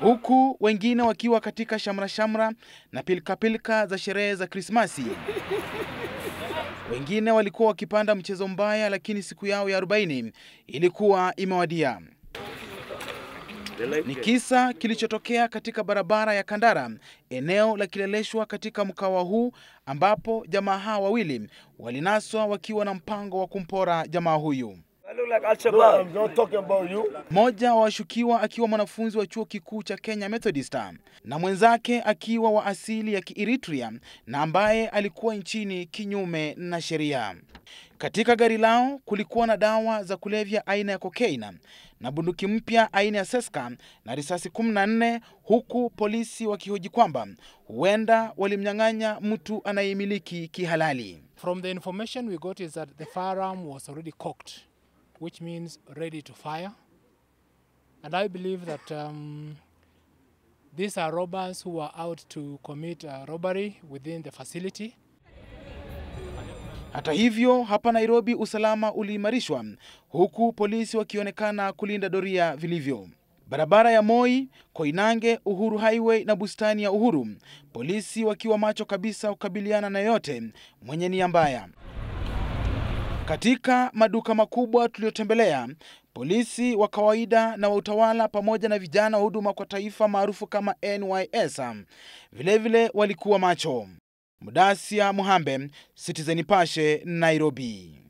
huku wengine wakiwa katika shamra shamra na pilikapilika za sherehe za Krismasi. Wengine walikuwa wakipanda mchezo mbaya, lakini siku yao ya 40 ilikuwa imewadia. Ni kisa kilichotokea katika barabara ya Kandara, eneo la Kileleshwa, katika mkawa huu ambapo jamaa hawa wawili walinaswa wakiwa na mpango wa kumpora jamaa huyu mmoja wa washukiwa akiwa mwanafunzi wa chuo kikuu cha Kenya Methodist na mwenzake akiwa wa asili ya Kiiritria na ambaye alikuwa nchini kinyume na sheria. Katika gari lao kulikuwa na dawa za kulevya aina ya kokaina na bunduki mpya aina ya seska na risasi 14 huku polisi wakihoji kwamba huenda walimnyang'anya mtu anayemiliki kihalali. From the information we got is that the firearm was already cocked which means ready to fire. And I believe that um, these are robbers who are out to commit a robbery within the facility. Hata hivyo, hapa Nairobi usalama uliimarishwa huku polisi wakionekana kulinda doria vilivyo. Barabara ya Moi, Koinange, Uhuru Highway na bustani ya Uhuru, polisi wakiwa macho kabisa kukabiliana na yote mwenye nia mbaya. Katika maduka makubwa tuliyotembelea, polisi wa kawaida na wa utawala pamoja na vijana wa huduma kwa taifa maarufu kama NYS vilevile walikuwa macho. Mudasia Muhambe, Citizen Nipashe, Nairobi.